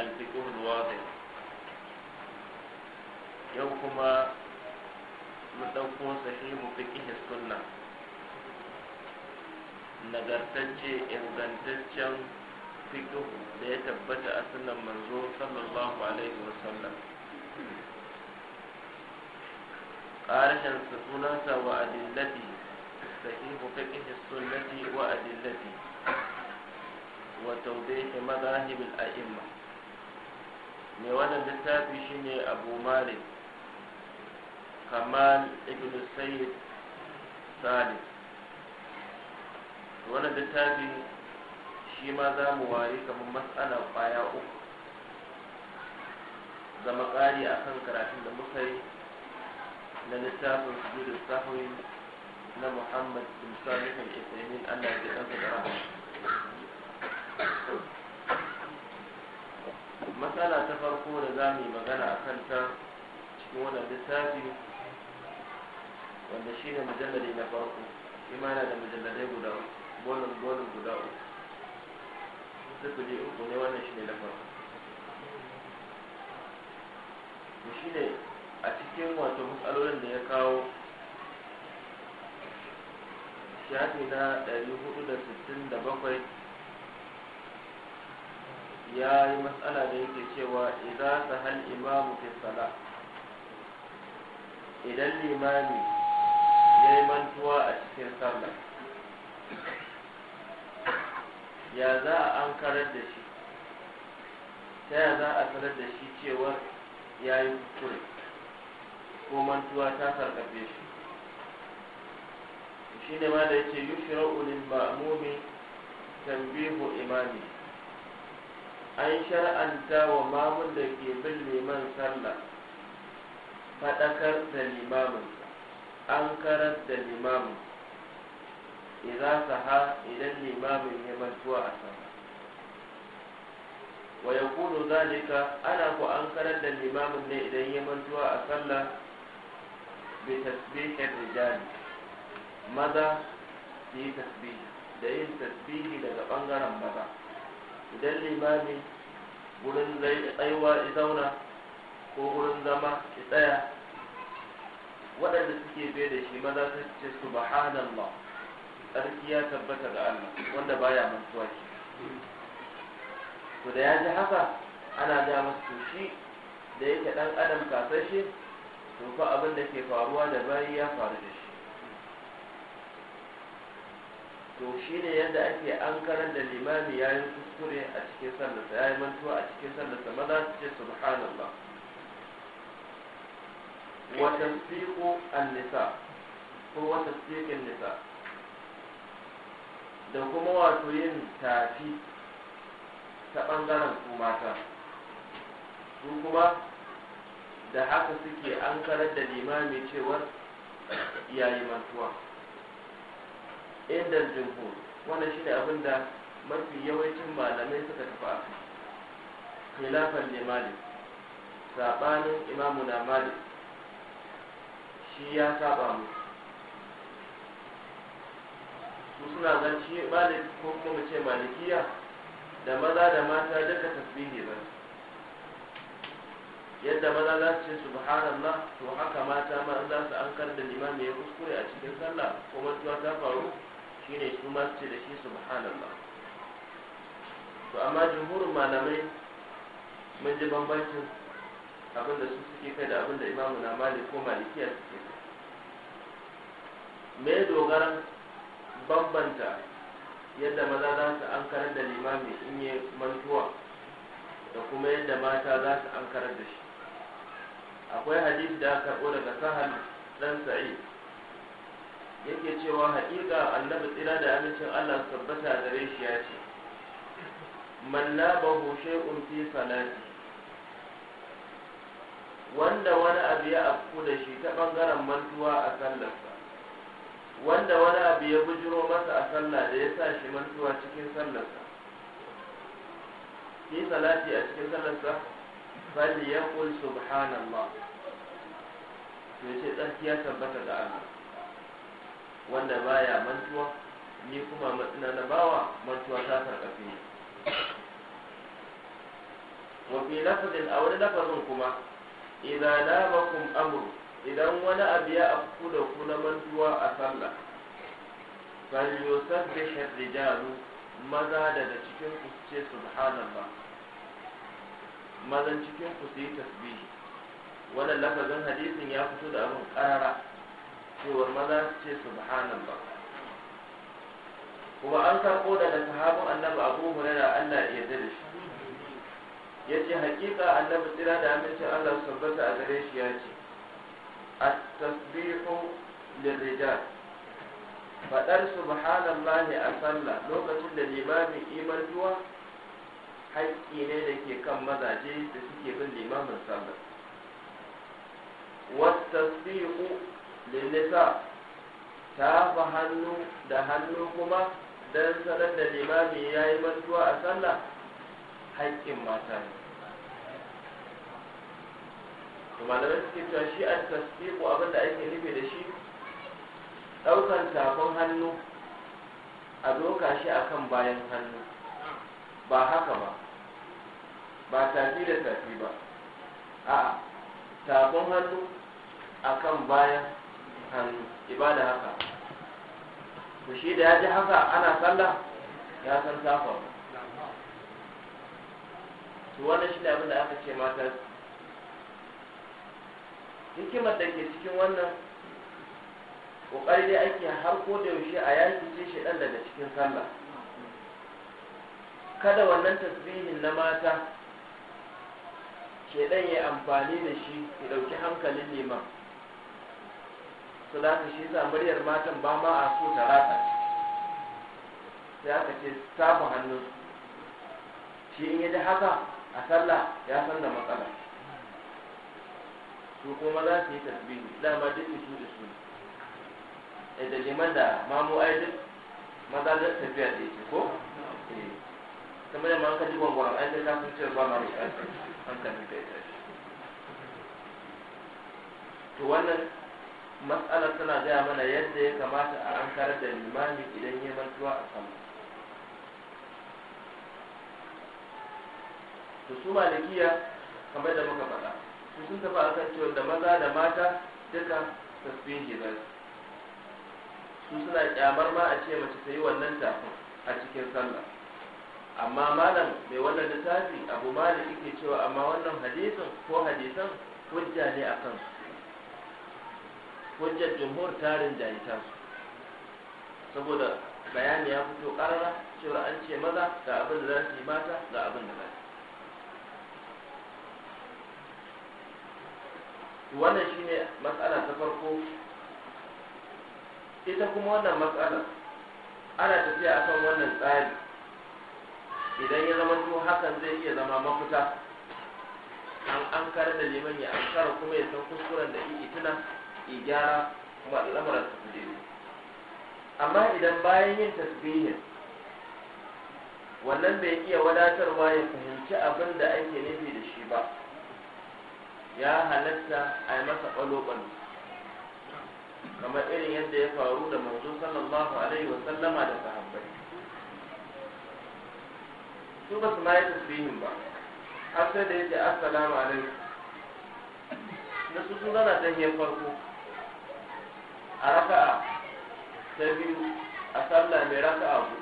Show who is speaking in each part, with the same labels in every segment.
Speaker 1: الفقه الواضح يوكما مدوكو صحيح فقه sunna. nagartacce ingantaccen fiqh da ya tabbata a sunan manzo sallallahu alaihi wasallam ƙarashin sunansa wa adillati sahihu fiqh sunnati wa adillati wa tawdih madahib al-a'imma mai wannan littafi ne abu malik kamal ibn sayyid salim wannan littafi shi ma za mu wari kamar matsala kwaya uku zama ƙari a kan karatun da muka yi na littafin sujudu sahwi na muhammad bin salihin isaimin allah ya ɗansa da rahama matsala ta farko da za mu yi magana a kanta cikin wannan littafi wanda shi ne mujallade na farko imana da mujalladai guda bolin bolin guda uku sifili uku ne wannan shi ne na farko da shi ne a cikin wato matsalolin da ya kawo shafi na 467 ya yi matsala da yake cewa idan hal imamu fi sala idan limami ya yi mantuwa a cikin sallah ya za a an karar da shi ta ya za a karar da shi cewar ya yi kuskure ko mantuwa ta sarkafe shi shi ne ma da yake yushira'u ulin ma'mumi tambihu imami an shar'anta wa mamun da ke bin liman sallah faɗakar da limamin an karar da limamin idan saha idan limamin ya mantuwa a sama wa ya kudu zalika ana ku an karar da limamin ne idan ya mantuwa a sallah bi tasbihin rijali maza su yi tasbihi da yin tasbihi daga ɓangaren maza idan limami gurin tsayuwa ya zauna ko gurin zama ya tsaya waɗanda suke bai da shi maza su ce ba, tsarki ya tabbata ga Allah wanda baya mantuwa shi to da ya ji haka ana ja masu shi da yake ɗan adam kasashe to fa abin da ke faruwa da bayi ya faru da shi to shi ne yadda ake an karar da limami ya yi kuskure a cikin sallarsa ya yi mantuwa a cikin sallarsa maza su ce subhanallah wata siko an-nisa ko wata Sikin nisa da kuma wato yin tafi ta ɓangaren ku mata su kuma da haka suke an karar da limami cewar yayi mantuwa inda jumhur wannan shine abin da mafi yawancin malamai suka tafi kai khilafan ne malik sabanin imamu na malik shi ya saba mu su suna zan shi malik ko kuma mu ce malikiya da maza da mata duka tasbihi ba yadda maza za su ce subhanallah to haka mata ma za su ankar da limami ya kuskure a cikin sallah ko mantuwa ta faru shine su ma su ce da shi subhanallah to amma jumhurin malamai mun ji bambancin abinda su suke kai da da imamu na malik ko malikiya suke me dogaran bambanta yadda maza za su karar da limami in yi mantuwa da kuma yadda mata za su ankarar da shi akwai hadisi da karɓo daga sahal dan sa'id yake cewa haƙiƙa annabi tsira da amincin Allah tabbata gare shi ya ce Manna ba hushe fi salati wanda wani abu ya afku da shi ta bangaren mantuwa a sallarsa wanda wani abu ya bujiro masa a sallah da ya sa shi mantuwa cikin sallarsa fi salati a cikin sallarsa fal yaqul subhanallah to ce tsakiya tabbata da Allah wanda baya mantuwa ni kuma matsina na bawa mantuwa ta karkafi ne wafi lafazin a wani lafazin kuma idan na bakun amur idan wani abu ya afku da ku na mantuwa a sallah falyosar da sharijalu maza daga cikin ku ce subhanallah mazan cikin ku su yi tasbihi wannan lafazin hadisin ya fito da abin karara cewar maza su ce subhanallah kuma an karko daga sahabin annabi abu hurairah Allah ya yarda da shi Ya ce hakika annabi tsira da amincin Allah su tabbata a gare shi ya ce at-tasbihu lirrijal ba ne a sallah lokacin da limamin iman duwa haƙƙi ne da ke kan mazaje da suke bin limamin sallah wat tasbihu ta tafa hannu da hannu kuma don sanar da limami ya yi mantuwa a sallah haƙƙin mata ne da suke cewa shi a tasbiku abin da ake nufi da shi ɗaukan tafin hannu a doka shi a kan bayan hannu ba haka ba ba tafi da tafi ba a tafin hannu a kan bayan Kan ibada haka to shi da ya ji haka ana sallah ya san safa to wannan shi ne abin da aka ce mata hikimar da ke cikin wannan ƙoƙari dai ake har ko da yaushe a yaki ce shi ɗan daga cikin sallah kada wannan tasbihin na mata ke ɗan yi amfani da shi ya ɗauki hankalin liman su za shi yasa muryar matan ba ma a so ta rata sai aka ce tafi hannun shi in yi da haka a sallah ya san da matsala su kuma za su yi da ma duk su da su eh, da liman da mamu ai duk maza da tafiya da yake ko eh. kamar yamma ka ji gwangwaran ai sai ka sun ce ba mara shi hankali da ita to wannan matsalar tana gaya mana yadda ya kamata a an kare da limami idan ya mantuwa a sama su su malikiya kamar da muka faɗa su sun tafi a kan cewa da maza da mata duka tasbihi gidan su suna kyamar ma a ce mace ta yi wannan tafin a cikin sallah amma malam mai wannan littafi abu malik yake cewa amma wannan hadisin ko hadisan hujja ne a kansu hujjar jumhur tarin jayi su, saboda bayani ya fito karara cewa an ce maza ga abin da za su yi mata ga abin da za su yi wannan ne matsala ta farko ita kuma wannan matsala ana tafiya akan wannan tsari idan ya zama to hakan zai iya zama mafita an ankara da liman ya ankara kuma ya san kuskuren da iya ya gyara kuma al'amuran su fi amma idan bayan yin tasbihin wannan bai iya wadatarwa ya fahimci abin da ake nufi da shi ba ya halatta a yi masa ƙwalo-ƙwalo kamar irin yadda ya faru da manzo sallallahu alaihi wa sallama da sahabbai su ba su mayar yi tasbihin ba har sai da yake assalamu alaikum da su sun zana ta hiyar farko a ta biyu a sallah mai raka ku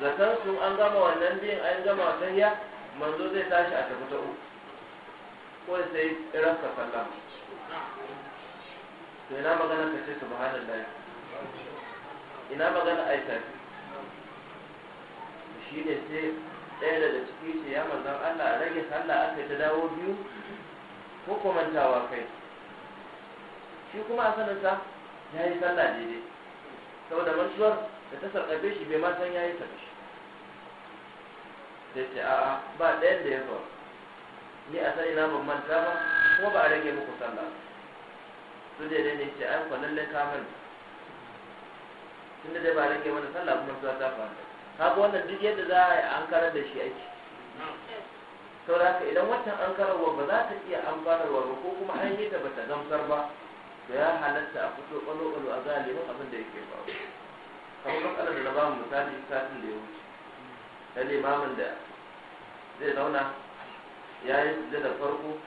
Speaker 1: zaton sun an gama wannan biyan an gama tahiya manzo zai tashi a tafi ta uku ko sai raka sallah to ina magana ka ce subhanallahi ina magana aisha shi ne sai ɗaya daga ciki ce ya manzan Allah rage sallah aka ta dawo biyu ko komantawa kai shi kuma a sanarsa ya yi sallah daidai saboda mantuwar da ta sarƙafe shi bai matan ya yi sarƙafe da ce a'a ba ɗayan da ya faru ni a sani na ban manta ba kuma ba a rage muku sallah su da ne ce ai kwa lallai kamar Tun da dai ba rage mana sallah kuma su ta faru kaga wannan duk yadda za a yi an karar da shi ake saboda haka idan wancan an kararwa ba za ta iya amfanarwa ba ko kuma an yi ta ba ta gamsar ba da ya halatta a fito ƙwalo-ƙwalo a galibin abin da yake faru kamar matsalar da na ba mu misali satin da ya wuce na limamin da zai zauna ya yi da farko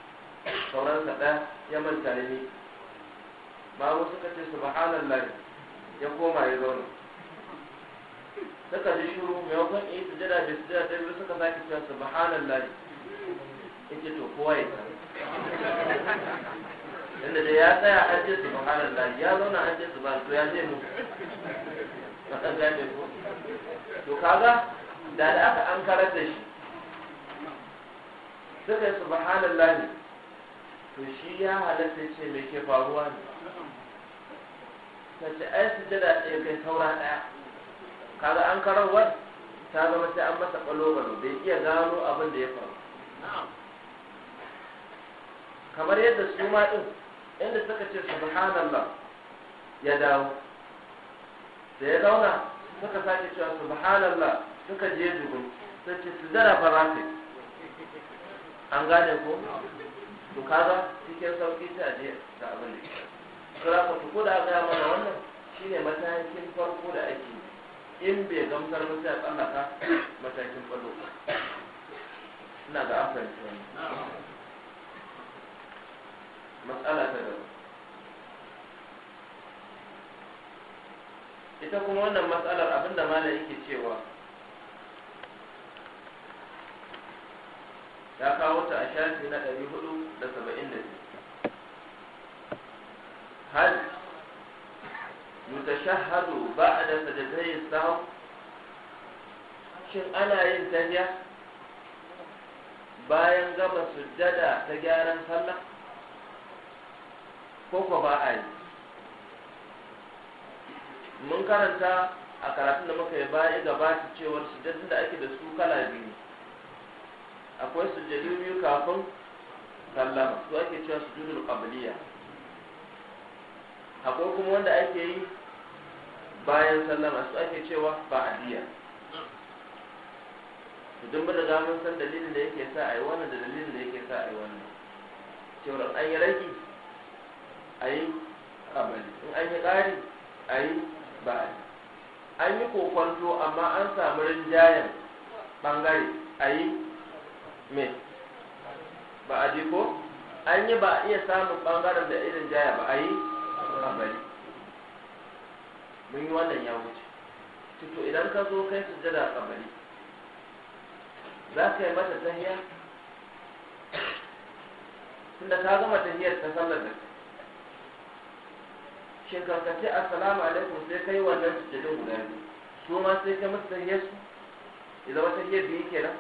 Speaker 1: sauran kaɗa ya manta ne ni ba su kace subhanallah ya koma ya zauna suka ji mai maimakon yi da bai jada ta yi suka sake cewa ya yake to kowa ya tunda da ya tsaya an je su da ya zauna an je ba to ya je mu to kaga da da aka an karar da shi suka yi subhanallah ne to shi ya halatta ce me ke faruwa ne sace ai sujada ɗaya kai taura ɗaya kaga an wa? ta zama sai an masa ƙwalo-ƙwalo bai iya gano abin da ya faru kamar yadda su ma ɗin inda suka ce subhanallah ya dawo da ya zauna suka sake cewa subhanallah suka je dubu sai ce su zara an gane ko to kaza cikin sauki ta a je da abin da kira ka ko da ga mana wannan shine matakin farko da ake in bai gamsar musu ya tsallaka matakin farko ina ga amfani wani matsala ta gaba ita kuma wannan matsalar abinda mala yake cewa ya kawo ta a shafi na ɗari hudu da saba'in da hal yutashahhadu shin ana yin tafiya? bayan gama sujjada ta gyaran sallah ko ko ba a yi mun karanta a karatun da muka yi baya gabata cewar sujjadin da ake da su kala biyu akwai sujjadi biyu kafin sallama su ake cewa sujudul qabliya akwai kuma wanda ake yi bayan sallama su ake cewa biya. idan bada za mun san dalilin da yake sa a yi wannan da dalilin da yake sa a yi wannan cewar an yi raki. a yi in an yi ƙari a yi ba an yi kokonto amma an samu rinjayen ɓangare a yi me ba a ko an yi ba a iya samun ɓangaren da irin jaya ba a yi a mun yi wannan ya wuce to idan ka zo kai su a kabari za ka yi mata tahiya tunda ka gama tahiyar ta sallar da ka. shin kan ka assalamu alaikum sai kai wannan sujudin guda biyu su ma sai ka musu tahiyar su idan wata tahiyar biyu nan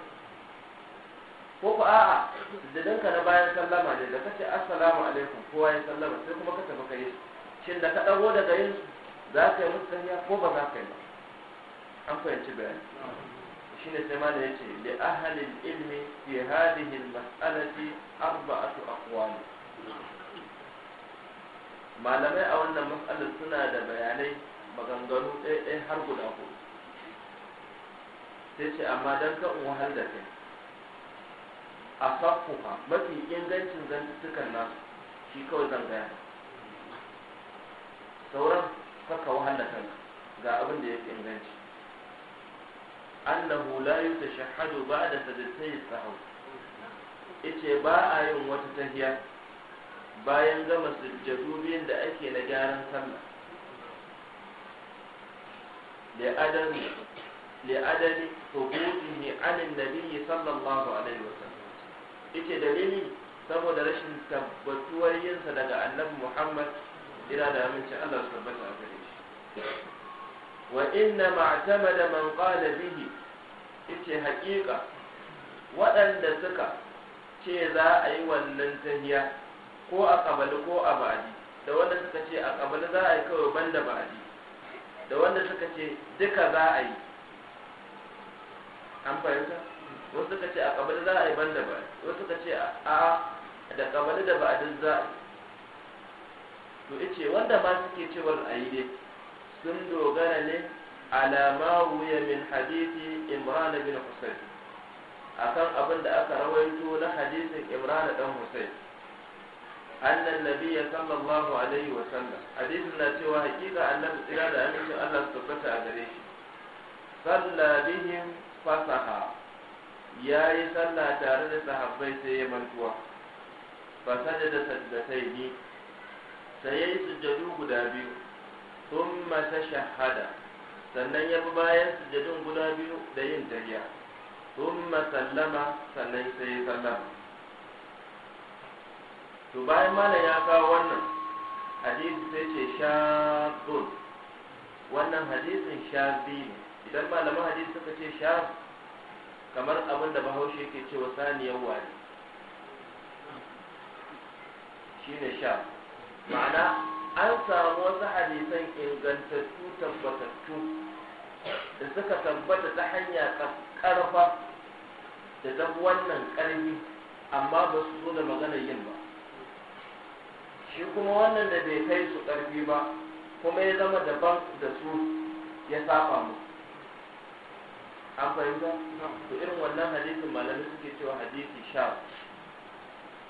Speaker 1: ko ku a'a sujudin ka na bayan sallama ne da kace assalamu alaikum kowa ya sallama sai kuma ka tafi ka yi su shin da ka ɗago daga yin su za ka yi musu sanya ko ba za ka yi an fahimci bayani shi ne sai mana yace li ahalin ilmi fi hadhihi al-mas'alati arba'atu aqwal malamai a wannan matsalar suna da bayanai maganganu ɗaya har guda hudu sai ce amma don kan wahal da kai a sakkuka mafi ingancin zantuttukan nasu shi kawai zan gaya. sauran kaka wahal da kanka ga abin da ya fi inganci annahu la yutashahhadu ba'da sajdatayhi sahaw yace ba a yin wata tahiya bayan gama sujjadu biyun da ake na gyaran sallah li'adami li'adami hubutihi anin nabiyyi sallallahu alaihi wasallam yace dalili saboda rashin tabbatuwar yinsa daga annabi Muhammad ina da aminci Allah su tabbata a gare shi wa inna ma'tamada man qala bihi yace haƙiƙa waɗanda suka ce za a yi wannan tahiya ko a kabali ko a ba'adi da wanda suka ce a kabali za a yi kawai banda ba'adi da wanda suka ce duka za a yi an fahimta wasu suka ce a kabali za a yi banda ba'adi wasu suka ce a da kabali da ba'adin za a yi to ice wanda ba suke cewar a yi dai sun dogara ne ala ma wuya min hadisi imran bin husayn akan abin da aka rawaito na hadisin imran dan husayn annan nabiya sallallahu alaihi wa sallam hadisin na cewa hakika annabi tsira da amincin Allah su tabbata a gare shi salla bihim fasaha yayi sallah tare da sahabbai sai ya mantuwa fasada da sajdatayni sai yayi sujjadu guda biyu thumma tashahhada sannan ya bi bayan sujjadun guda biyu da yin tahiyya thumma sallama sannan sai ya sallama to bayan malam ya kawo wannan hadisi sai ce shabun wannan hadisin shabi ne idan malaman hadisi suka ce shab kamar abin da bahaushe yake cewa saniyar wari shine sha ma'ana an samu wasu hadisan ingantattu tabbatattu da suka tabbata ta hanya karfa da ta wannan karfi amma ba su zo da maganar yin ba shi kuma wannan da bai kai su ƙarfi ba kuma ya zama daban da su ya safa mu an fahimta to irin wannan hadisin malami suke cewa hadisi sha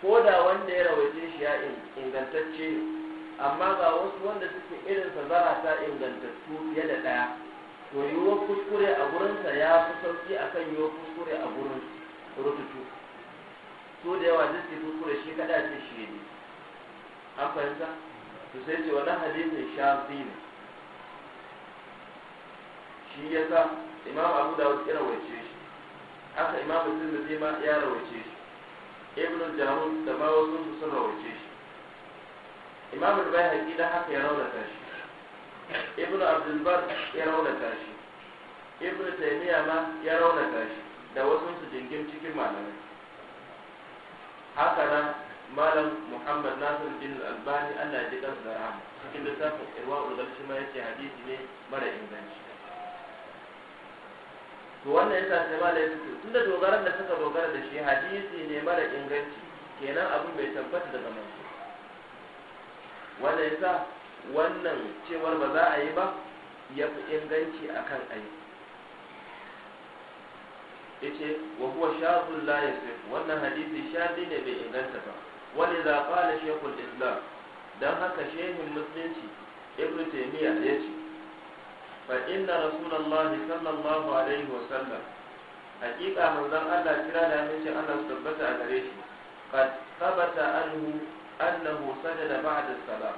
Speaker 1: ko da wanda ya rawaje shi ya ingantacce amma ga wasu wanda suke irin sa ta ingantattu fiye da ɗaya to yiwuwar kuskure a gurinsa ya fi sauki yi yiwuwar kuskure a gurin rututu so da yawa zai ce kuskure shi kada ce shi ne an fahimta to sai ce wani hadisin shafi ne shi ya sa imam abu da wasu ya wace shi haka imam zai ma ya rawace shi ibn jarud da ma wasu su sun rawace shi imam bai haƙi da haka ya raunata shi ibn abdul ya raunata shi ibn taimiyya ma ya raunata shi da wasu su jingim cikin malamai haka nan malam muhammad nasir bin albani allah ya ji da rahama cikin littafin irwa ulgal shi ma yace hadisi ne mara inganci to wannan yasa sai malam ya fito tunda dogaran da suka dogara da shi hadisi ne mara inganci kenan abin bai tabbata daga manzo wannan yasa wannan cewar ba za a yi ba ya fi inganci akan aiki yace wa huwa shadhun la yasif wannan hadisi shadi ne bai inganta ba wani da shekul islam don haka shehin musulunci ibn taimiyya ya ce fa inna rasulallah sallallahu alaihi wa sallam hakika manzon Allah kira da mace Allah su tabbata a gare shi qad thabata anhu annahu sajada ba'da salam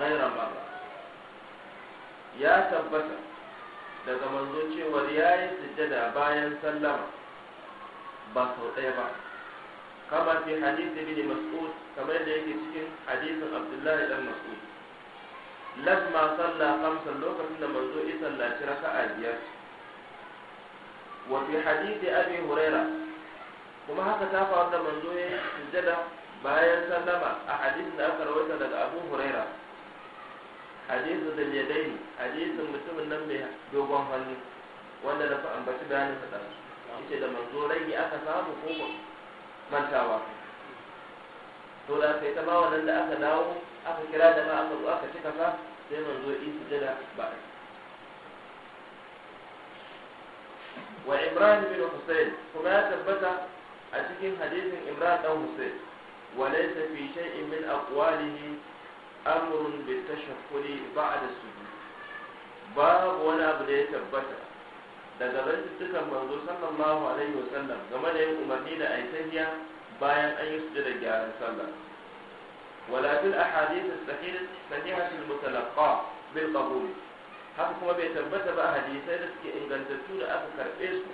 Speaker 1: ghayra marra ya tabbata daga manzo cewa yayi sujjada bayan sallama ba sau ɗaya ba kama fi hadisi bin mas'ud kamar da yake cikin hadisin abdullahi dan mas'ud lamma salla khamsan lokacin da manzo ya sallaci raka'a biyar wa fi hadisi abi huraira kuma haka ta faru da manzo ya sujada bayan sallama a hadisin da aka rawaita daga abu huraira hadisin da ya daini hadisin mutumin nan mai dogon hannu wanda na fi ambaci bayanin sa ɗansu da manzo rage aka samu ko mantawa to da sai ta ba wannan da aka dawo aka kira da ma aka zo aka cika fa sai zo in sujada ba wa ibrahim bin husayn kuma ya tabbata a cikin hadisin imran dan husayn wa laysa fi shay'in min aqwalihi amrun bitashahhuri ba'da sujud babu wani abu da ya tabbata daga rajistukan manzo sallallahu alaihi wasallam game da yin umarni da aitayya bayan an yi sujada gyaran sallah wala fil ahadith as-sahihah al-mutalaqqa bil qabul haka kuma bai tabbata ba hadisai da suke ingantattu da aka karbe su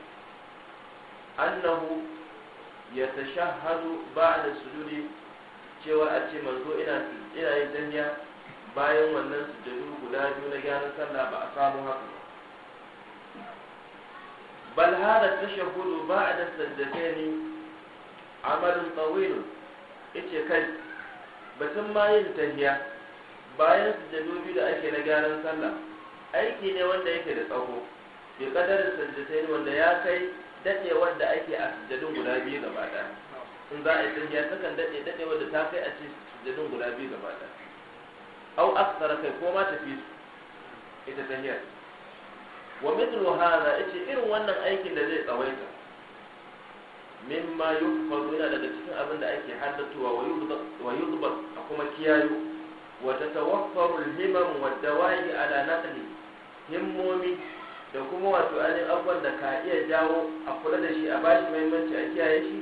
Speaker 1: annahu ba ba'da sujudi cewa a ce manzo ina ina yin danniya bayan wannan sujadu guda biyu na gyaran sallah ba a samu haka بل هذا التشهد بعد السجدتين عمل طويل ita kai batun ma yin tahiya bayan sujjadu biyu da ake na gyaran sallah aiki ne wanda yake da tsaho bi kadar sujjadai wanda ya kai dade wanda ake a sujjadun guda biyu gaba da, in za a yi tahiya takan dade dade wanda ta kai a cikin sujjadun guda biyu gaba da. au aksara kai ko ma tafi su ita tahiyar wa mithlu hadha ichi irin wannan aikin da zai tsawaita mimma yuhfazu yana daga cikin abin da ake haddatuwa wa yudba a kuma kiyayu wa tatawaffaru al-himam wa dawa'i ala naqli himmomi da kuma wato alin abubuwan da ka iya jawo a kula da shi a bashi muhimmanci a kiyaye shi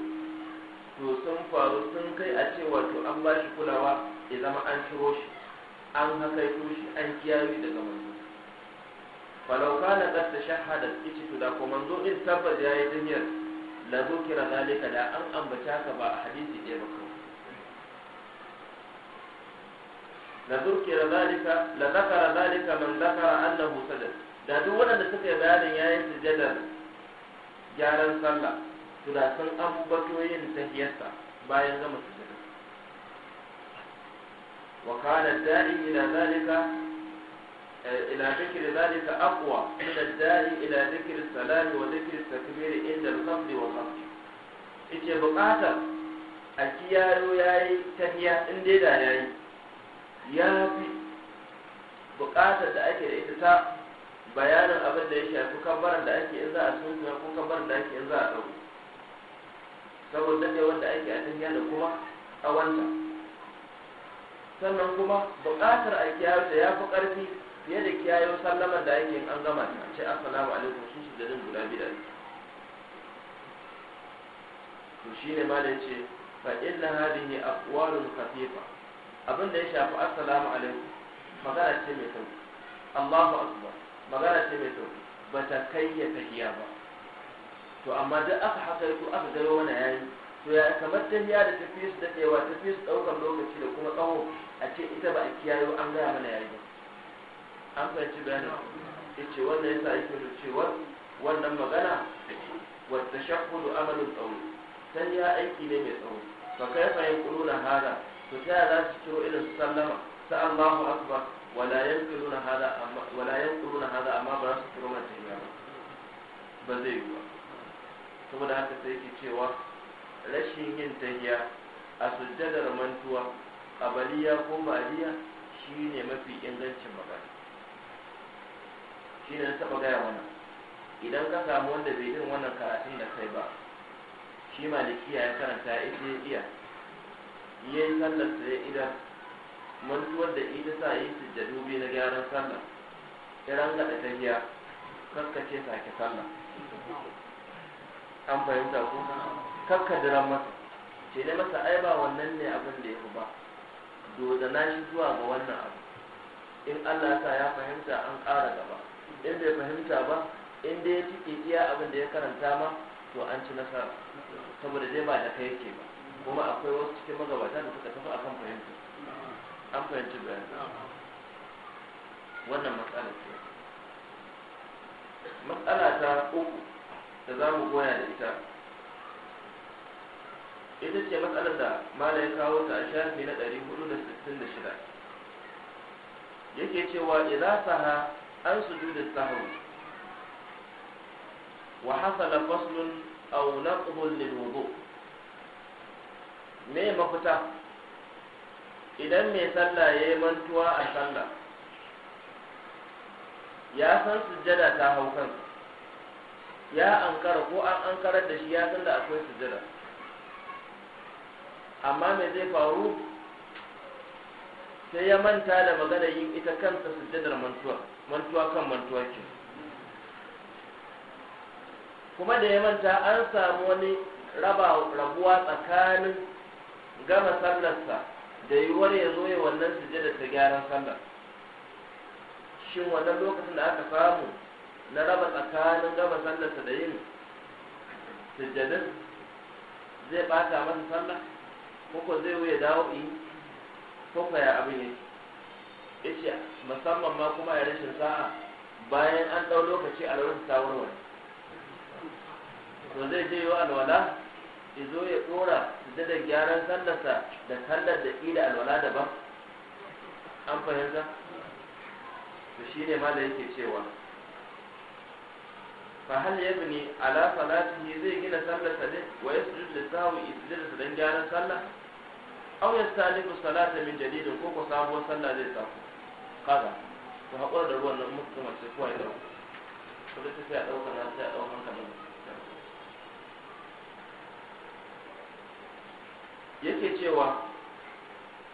Speaker 1: to sun faru sun kai a ce wato an bashi kulawa ya zama an ciro shi an haka shi an kiyaye daga mutum falau kana qad shahada kici to da ko manzo in tabbas yayi tahiyar la zukira zalika da an ambata ka ba a hadisi ɗaya ba kawai la zukira zalika la zakara zalika man zakara annahu sadad da duk wanda suka yi bayanin yayin sujadar gyaran sallah to da sun ambato yin tahiyarsa bayan gama sujada wa kana da'i ila zalika إلى ذكر ذلك أقوى من الداعي إلى ذكر السلام وذكر التكبير عند الخفض والخفض ike buƙatar a kiyayo ya yi tahiya in dai da ya yi ya fi buƙatar da ake da ita ta bayanin abin da ya shafi kabbaran da ake in za a sunkuya ko kabbaran da ake in za a ɗauko saboda ne wanda ake a tahiya da kuma a wanta sannan kuma buƙatar a kiyayo da ya fi ƙarfi fiye da kiyayen sallama da yake an gama ta ce assalamu alaikum su su jadin guda biyu to shi ne ma da ce fa illa hadihi aqwalun khafifa abin da ya shafi assalamu alaikum magana ce mai sauki Allahu akbar magana ce mai sauki ba ta kai ya tahiya ba to amma duk aka hakaito aka gano wani yayi to ya kamar tahiya da tafiya su dadewa tafiya su ɗaukar lokaci da kuma tsawo a ce ita ba a kiyayo an gaya mana yayi ba an fahimci bayanin ya ce wannan yasa yake da cewa wannan magana wata shakkudu amalin tsawo sai ya aiki ne mai tsawo fa kai fa yankuluna hada to sai ya za su kiro irin su sallama sa Allahu akbar wala yankuluna hada amma wala yankuluna hada amma ba su kiro mai ba ba zai yi ba saboda haka sai yake cewa rashin yin tahiya a sujjadar mantuwa abaliya ko ma'aliya ne mafi ingancin magana shi ne na taɓa gaya mana idan ka samu wanda bai irin wannan karatun da kai ba shi malikiya ya karanta ya ita ya iya ya yi sallar sa ya idan mantuwar da ita sa yi sujjadu biyu na gyaran sallah ya ranga da tahiya kakkace sake sallah an fahimta ko kakka diran masa ce dai masa ai ba wannan ne abin da ya fi ba dozana shi zuwa ga wannan abu in Allah sa ya fahimta an ƙara gaba in bai fahimta ba in ya tike iya abin da ya karanta ma to an ci nasara saboda dai ba da kai yake ba kuma akwai wasu cikin magabata da suka tafi akan fahimta an fahimci bayan wannan matsala ce matsala ta uku da za mu goya da ita ita ce matsalar da mala ya kawo ta a shafi na 466 yake cewa idan saha an sujudu sahwi wa hasala faslun aw naqhun lil wudu me mafita idan mai sallah yayi mantuwa a sallah ya san sujjada ta hau kansa ya ankara ko an ankarar da shi ya san da akwai sujjada amma me zai faru sai ya manta da maganar yin ita kanta sujjadar mantuwa mantuwa kan mantuwa ke kuma da ya manta an samu wani rabuwa tsakanin gama sallarsa da yiwuwar ya zo ya wannan da ta gyaran sallar shin wannan lokacin da aka samu na raba tsakanin gama sallarsa da yin sujadin zai bata masa sallah ko ko zai wuya dawo ko ya abin yake yace musamman ma kuma ya rashin sa'a bayan an ɗau lokaci a laurin ta to zai je yi alwala izo ya ɗora da da gyaran sallarsa da sallar da ƙila alwala daban an fahimta to shine ma da yake cewa fa hal yabni ala salatihi zai gina sallarsa ne wa li lisahwi isjudu da gyaran sallah aw yastalifu salata min jadidin ko ko sabuwar sallah zai sako kada ku haƙura da ruwan nan muka mace kowa ya ɗauka kuma ta fiya ɗauka na ta ɗauka nan yake cewa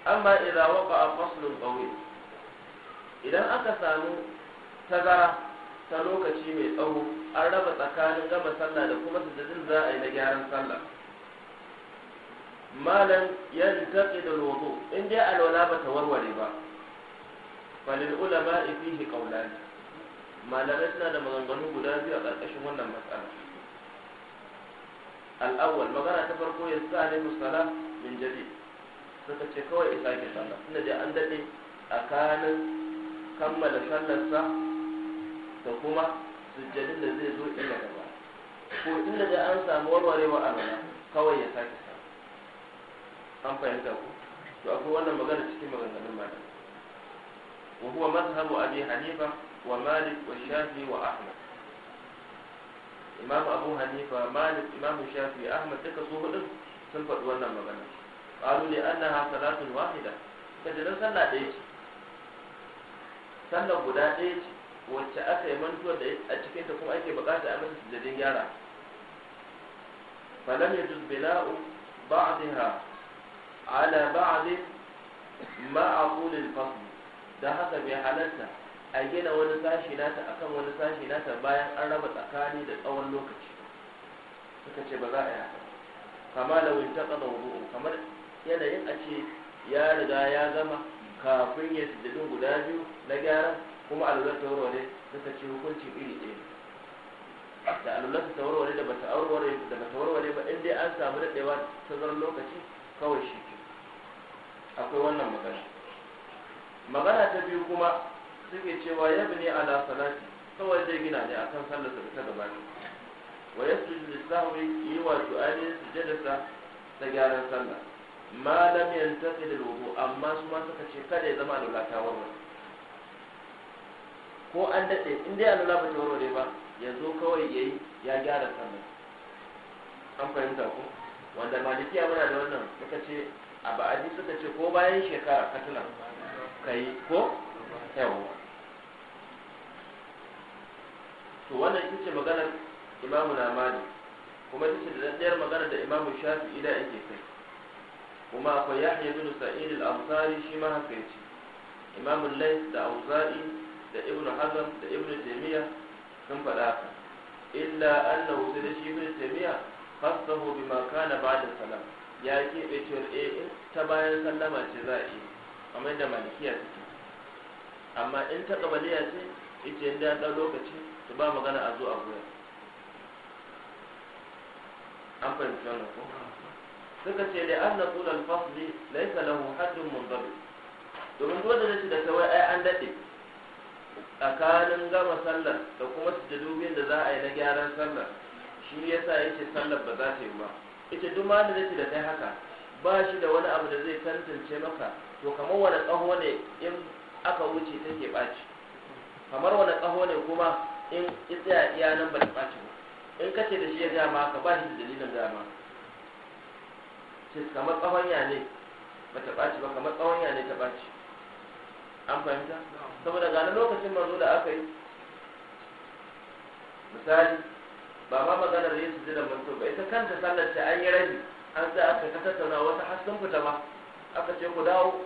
Speaker 1: amma idza a faslun qawil idan aka samu tazara ta lokaci mai tsawo an raba tsakanin gama sallah da kuma sujudin za a yi na gyaran sallah malan da alwudu in dai alwala bata warware ba falil ulama fihi qawlani malamai suna da maganganu guda biyu a ƙarƙashin wannan matsala al'awwal magana ta farko ya sa ne musala min jadi suka ce kawai isa ke sallah tunda da an daɗe sallarsa da kuma sujjadin zai zo ko inda da an samu warwarewa a rana kawai ya sake sallah an fahimta ku to akwai wannan magana cikin maganganun malamai وهو مذهب أبي حنيفة ومالك والشافي وأحمد إمام أبو حنيفة مالك إمام الشافي أحمد تلك صور الإنس سنفة دولنا مبنى قالوا لأنها صلاة واحدة كذلك سنة ديت سنة بدا ديت وتأخي من هو ديت أتكين تكون أيكي بقاس أمس الجدين يارا فلم يجوز بناء بعضها على بعض ما أقول الفصل don haka bai halarta a gina wani sashi nata akan wani sashi nata bayan an raba tsakani da tsawon lokaci suka ce ba za a yi haka kama da wunta kada wudu'u kamar yanayin a ce ya riga ya gama kafin ya sujudin guda biyu na gyara kuma alular ta warware suka ce hukuncin iri ɗaya da alular ta warware da bata warware da bata warware ba in dai an samu daɗewa tazarar lokaci kawai shi ke akwai wannan magana magana ta biyu kuma suke cewa ya bi ne ala salati kawai zai gina ne akan sallarsa da ta gabata wa ya su yi wa du'ani su sa, ta gyaran sallah ma lam yantafi da wudu amma su ma suka ce kada ya zama alula ta warware ko an daɗe in dai alula ba ta warware ba yanzu kawai yayi ya gyara sallah an fahimta ko wanda malikiya muna da wannan suka ce a ba'adi suka ce ko bayan shekara katilan kai ko yawa to wannan ita ce maganar imamu na mali kuma ita ce da ɗayar maganar da imamu shafi'i da yake kai kuma akwai yahya bin sa'id al-ansari shi ma haka yace imamu lais da auza'i da ibnu hazm da ibnu jami'a sun faɗa haka illa annahu sai da shi ibnu taymiya khassahu bima kana ba'da salam ya ke bai cewa eh ta bayan sallama ce za a yi kamar yadda malikiya suke amma in ta kabaliya ce ita yadda ya ɗau lokaci su ba magana a zo a goya an fahimci wannan ko suka ce da an na naƙula alfasli laisa lahu mun mundabi domin duk wanda ce da kawai ai an daɗe tsakanin gama sallar da kuma su da za a yi na gyaran sallar shi yasa yake sallar ba za ta yi ba ita duk ma da ce da ta haka ba shi da wani abu da zai tantance maka to kamar wani tsaho ne in aka wuce take ɓaci kamar wani tsaho ne kuma in tsaya iya nan ba ta ɓaci ba in ka ce da shi ya gaya ma ka ba shi da dalilin gaya ma sai kamar tsawon ya ne ba ta ɓaci ba kamar tsawon ya ne ta ɓaci an fahimta saboda gane lokacin manzo da aka yi misali ba ma maganar yesu jiran manzo ba ita kanta sallar ta an yi rabi an sa aka ta tattauna wata hasken fita ba aka ce ku dawo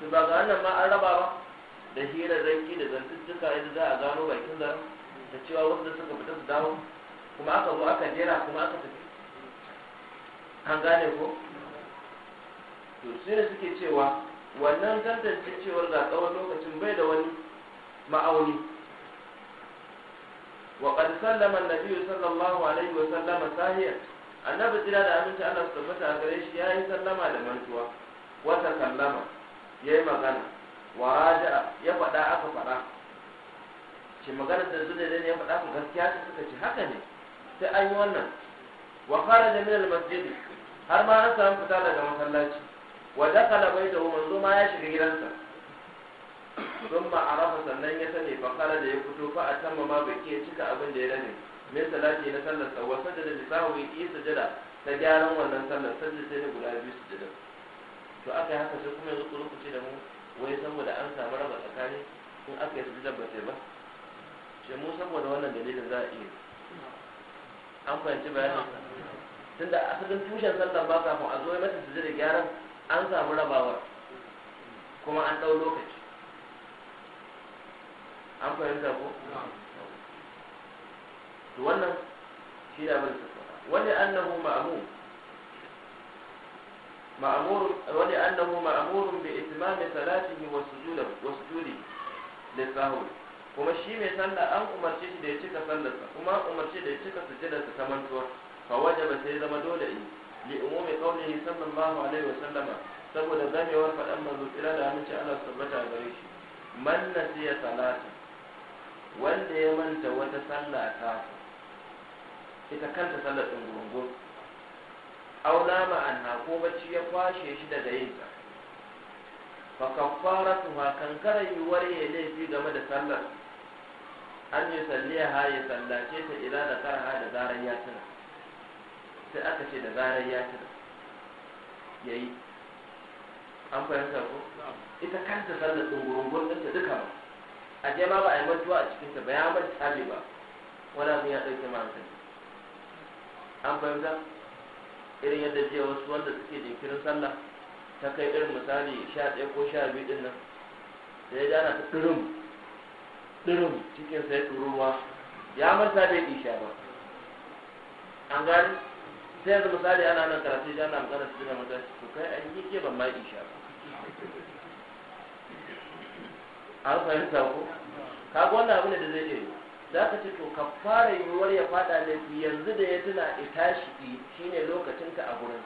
Speaker 1: su ba ga wannan ma an raba ba da hira zanki da zantuttuka yadda za a gano bakin zaren da cewa wanda suka fita su dawo kuma aka zo aka jera kuma aka tafi an gane ko to sai da suke cewa wannan tantance cewar ga tsawon lokacin bai da wani ma'auni wa qad sallama an-nabi sallallahu alaihi wa sallama sahiyatan annabi tsira da aminci Allah su tabbata a gare shi ya yi sallama da mantuwa wata sallama ya yi magana wa raja'a ya faɗa aka faɗa ce magana da zuwa da ya faɗa ku gaskiya ta suka ce haka ne sai an yi wannan wa fara da minal masjidi har ma an samu fita daga masallaci wa dakala umar manzo ma ya shiga gidansa thumma arafa sannan ya sani fakara da ya fito fa can ma bai cika abin da ya dane min salati na sallar sa wa sajada bi sahwi yi sajada ta gyaran wannan sallar sajada sai ne guda biyu sujada to aka yi haka sai kuma yanzu ku ce da mu wai saboda an samu raba tsakani in aka yi sujada ba sai ba ce mu saboda wannan dalilin za a iya an fahimci bayanin tunda cikin tushen sallar ba kafin a zo ya mata sujada gyaran an samu rabawa kuma an ɗau lokaci an fahimta ko to wannan shi ne abin da wani annahu ma'amur ma'amur wani annahu ma'amurun bi itmami salatihi wa sujudihi wa da lisahu kuma shi mai sallah an umarce shi da ya cika sallarsa kuma an umarce da ya cika sujudarsa ta mantuwa fa wajaba sai zama dole in li umumi qawlihi sallallahu alaihi wa sallama saboda zamewar faɗan manzo kira da aminci Allah tabbata gare shi man nasiya salati wanda ya manta wata sallah ta ita kanta sallar ɗungurungun aula ma'anna ko bacci ya kwashe shi daga yin sa fa kaffaratuha kankara yuwar ya laifi game da sallar an yi salliya ha ya sallace ta ila da karha da zarar ya tuna sai aka ce da zarar ya tuna yayi an fahimta ko ita kanta sallar ɗin ta duka ba a je ba a yi mantuwa a cikinta ba ya tsabe ba wani abu ya ɗauke ma hankali an banza irin yadda ce wasu wanda suke jinkirin sallah ta kai irin misali sha ɗaya ko sha biyu ɗin nan da ya jana ta ɗirin ɗirin cikin sai ɗuruwa ya manta bai isha ba an gani sai yanzu misali ana nan karatu ya na magana su amurka mata su kai an yi ke ban ma isha ba an fahimta ko kaga wannan abu ne da zai iya yi za ka ce to ka fara yiwuwar ya fada laifi yanzu da ya tuna ita shi shine ka a gurin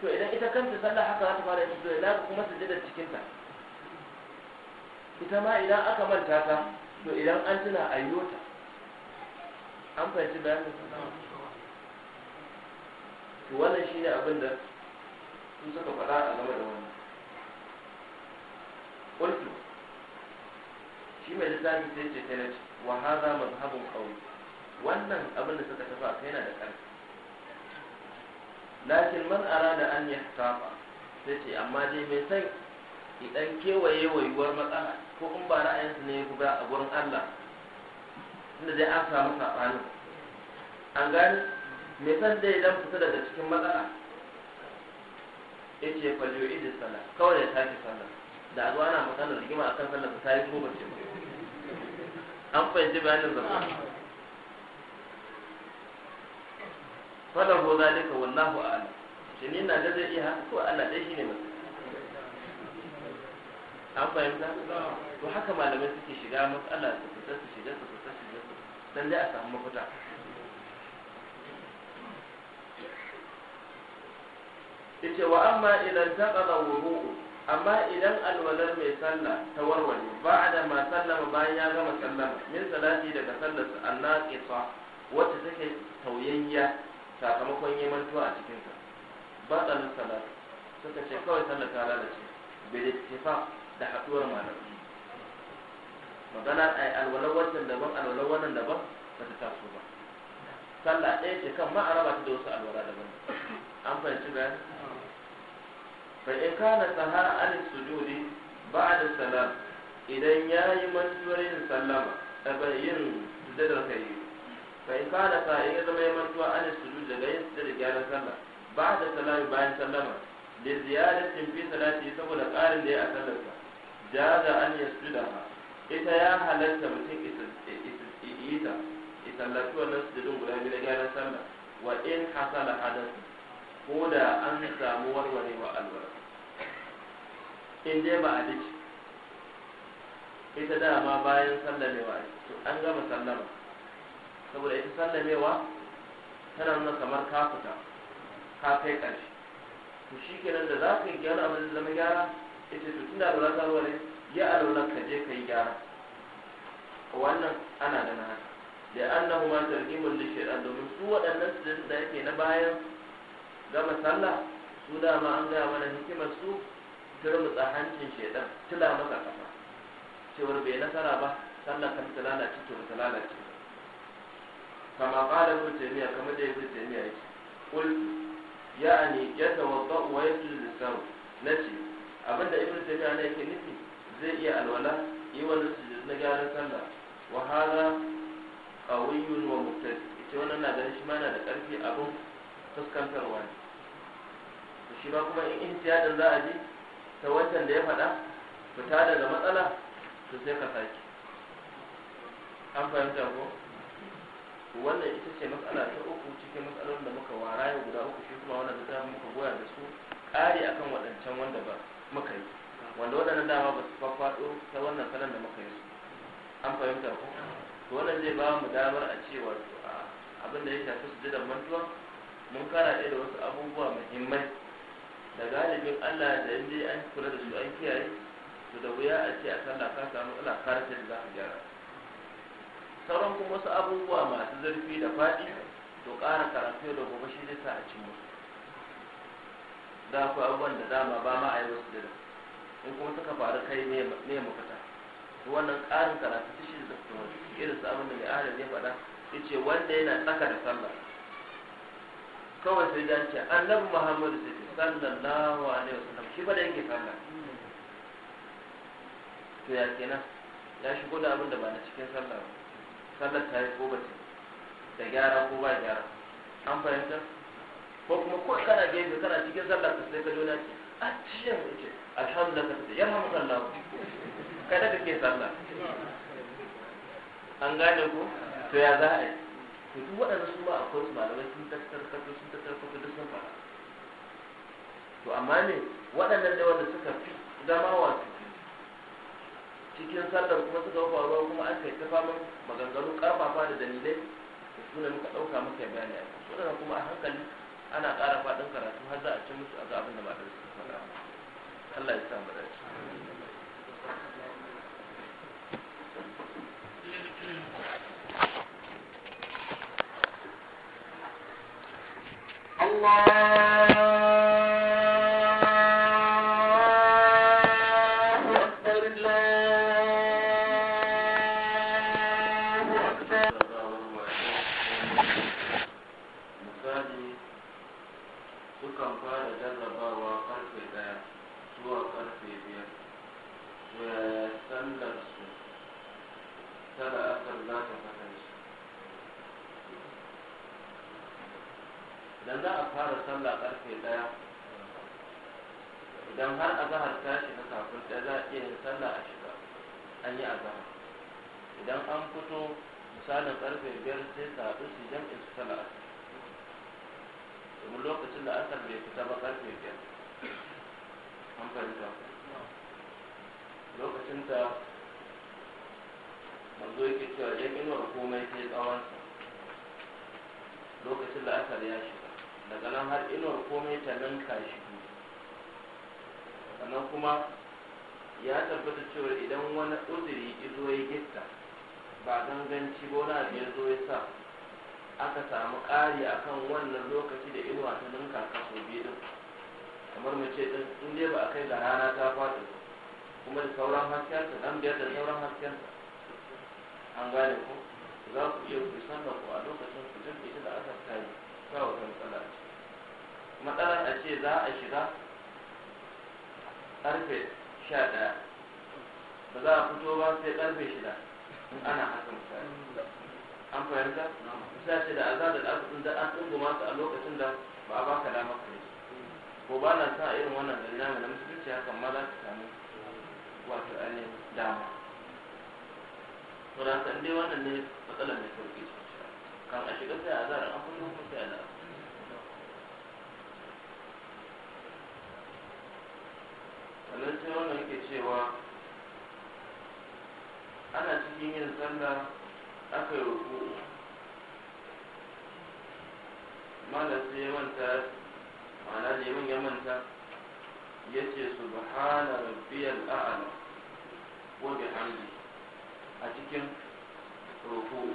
Speaker 1: to idan ita kanta sallah haka za ta fara yin to idan kuma sujjadar cikin ta ita ma idan aka manta ta to idan an tuna ayyo ta an fahimci bayanin to wannan shine abin da sun suka faɗa a game da wannan qultu shi mai sai ce kai wa hadha mazhabun qawi wannan abin da suka tafa kai na da ƙarfi lakin man arada an yahtafa sai ce amma dai mai san idan kewaye wayuwar matsala ko in ba ra'ayinsu ne ku ga a gurin Allah inda dai an samu sabani an gani mai san dai idan fita daga cikin matsala ya ce fajiyo idin sallah kawai ya tafi sallah da azuwa na maganar rigima akan sallah ta yi ko ba ce ba an fahimci bayanin zakka wala ah. zalika wallahu a'lam shi ne na da zai iya haka ko Allah dai shine masa an fahimta to haka malamai suke shiga matsala su fita su shiga su fita su shiga dan dai a samu mafita yace wa amma idan taqala wudu'u amma idan alwalar mai sallah ta warware ba da ma sallama bayan ya gama sallama min salati daga sallar sa annaqisa wacce take tauyayya sakamakon yi mantuwa a cikin ta ba tsanin salat suka ce kawai sallar ta lalace bil ittifaq da haduwar malamai magana ai alwalar wannan daban alwalar wannan daban ba ta taso ba sallah ɗaya ce kan ma a raba ta da wasu alwala daban an fahimci bayan fa in kana sahara an sujudi ba'da salam idan yayi mantuwar yin sallama yin sujudar kai fa in kana ka in zama yayi mantuwa an sujudi daga yin sujudar gyaran sallah ba'da salam bayan sallama da ziyadatin fi salati saboda ƙarin da ya a sallarsa jaza an yasjudaha ita ya halatta mutum isa isallatu wannan sujudin guda biyu na gyaran sallah wa in hasala hadasu ko da an samu wa alwara in dai ba a dace ita dama bayan sallamewa to an gama sallama saboda ita sallamewa tana nuna kamar ka fita ka kai ƙarshe to shi kenan da za ka yi gyara abin zama gyara ita to tunda alwala ta warware ya alwala ka je ka yi gyara wannan ana da na da annahu ma tarhimul lishaitan domin su waɗannan da yake na bayan gama sallah su dama an gaya mana hikimar su turmutsa tsahancin shaidan tila maka kafa cewar bai nasara ba sallah kan ta lalace to ta lalace kama qala ibn taymiya kama da ibn taymiya yake qul ya'ni yatawadda wa yasjudu na nace abinda ibn taymiya ne yake nufi zai iya alwala yi wannan sujud na gyaran sallah wa hada qawiyyun wa muqtadi ita wannan na ganin shi ma na da karfi abin fuskantarwa ne shi ma kuma in intiyadin za a ji ta wancan da ya faɗa fita daga matsala to sai ka sake an fahimta ko wannan ita ce matsala ta uku cikin matsalolin da muka wara yau guda uku shi kuma wannan da muka goya da su ƙari akan waɗancan wanda ba muka yi wanda waɗannan dama ba su faɗo ta wannan salon da muka yi su an fahimta ko to wannan zai ba mu damar a cewa abin da ya shafi su jidan mantuwa mun kara ɗaya da wasu abubuwa muhimmai da galibin Allah da in an kula da su an kiyaye to da wuya a ce a sallah ka samu ala karta da za ka gyara sauran kuma wasu abubuwa masu zurfi da faɗi to ƙara karatu da gobe shi zai sa a cin musu da ku abubuwan da dama ba ma a yi wasu dare in kuma suka faru kai ne mafita to wannan ƙarin karatu ta shi da kuma irin su abin da mai ahalin ya faɗa ya ce wanda yana tsaka da sallah kawai sai ya annabi muhammadu sai sallallahu alaihi wasallam shi ba da yake sallah to ya kenan ya shigo da abin da ba na cikin sallah ba sallar ta yi ko da gyara ko ba gyara an fahimta ko kuma ko kana gefe kana cikin sallar ka sai ka zo ce a ciyan ce alhamdulillah ka ya hamu sallah kada ka ke sallah
Speaker 2: an gane ko to ya za a
Speaker 1: yi to duk waɗannan su ba akwai su malamai sun tattar sun tattar duk sun fara to amma ne waɗannan da wanda suka fi zama wa cikin sallar kuma suka yi faruwa kuma an kai ta faman maganganu karfafa da dalilai da suna muka ɗauka muka yi bayani a da kuma a hankali ana ƙara faɗin karatu har za a ci musu a ga abin da ba da su faɗa Allah ya sa mu dace Allah dan za a fara sallah karfe daya idan har azahar ta shiga kafin ɗaya za a iya yin sallah a shiga an yi azahar idan an fito misalin karfe biyar sai su haɗu su jam'in su sallah domin lokacin da asar bai fita ba karfe biyar an fahimta lokacin da manzo yake cewa jam'in wa komai sai tsawonsa lokacin da asar ya shiga daga nan har inuwar komai ta ninka shi sannan kuma ya tabbata cewa idan wani uzuri izo ya gitta ba ganganci ba wani ya zo ya sa aka samu ƙari a kan wannan lokaci da inuwa ta ninka kaso biyu din kamar mu ce din in dai ba a kai ga rana ta faɗi kuma da sauran hasken ta dan biyar da sauran hasken an gane ko za ku iya kusan da ku a lokacin ku jirgin da aka tayi ba wata matsala matsala a ce za a shiga karfe sha ɗaya ba za a fito ba sai karfe shida ana haka misali an fahimta misali da azar da al'adun da an tsunguma su a lokacin da ba a baka dama ka yi ko ba na sa irin wannan gari namu na musulunci hakan ma za ka samu wato ainihin dama. Wadda san dai wannan ne matsalar mai sauƙi ce. kan a shiga sai a zara an kullum kuma sai a zara sannan sai wannan yake cewa ana cikin yin sallah aka yi ruku malam sai ya manta ma'ana neman ya manta ya ce su ba subhana rabbiyal a'la wa hamdi a cikin ruku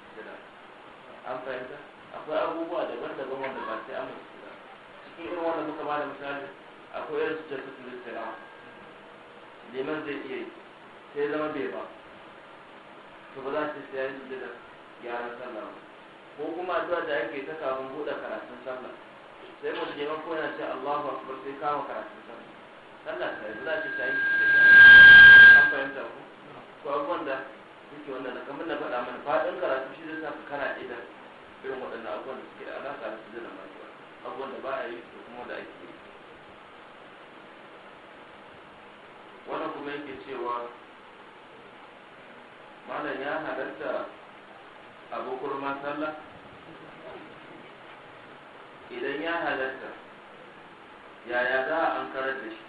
Speaker 1: an fahimta akwai abubuwa daban-daban wanda ba sai an mutu ba cikin irin wanda muka ba da misali akwai irin su jasu tulistilawa liman zai iya yi sai zama bai ba to ba za su yi yayin da gyaran sallah ba ko kuma zuwa da ake ta kafin buɗe karatun sallah sai mu liman ko yana ce Allahu akbar sai kama karatun sallah sallah sai za ta yi an fahimta ko ko abubuwan da suke wannan da kamar na faɗa mana faɗin karatu shi zai sa kana idan irin waɗannan abubuwan da suke da alaƙa da su zama rayuwa abubuwan da ba a yi da kuma da ake yi wannan kuma yake cewa malam ya halarta abokur sallah idan ya halarta yaya za a an karar da shi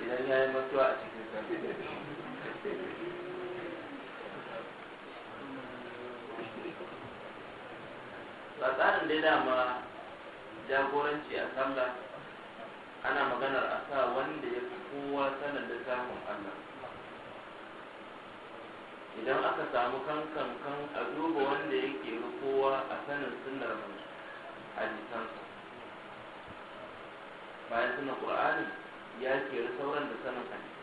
Speaker 2: idan ya yi matuwa a cikin tsarin
Speaker 1: dai dama jagoranci a sallah ana maganar a sa wanda ya fi kowa sanar da samun Allah idan aka samu kankan kan a duba wanda yake fi kowa a sanin sunnar hadisansa bayan suna ƙur'ani ya keri sauran da sanin hadisi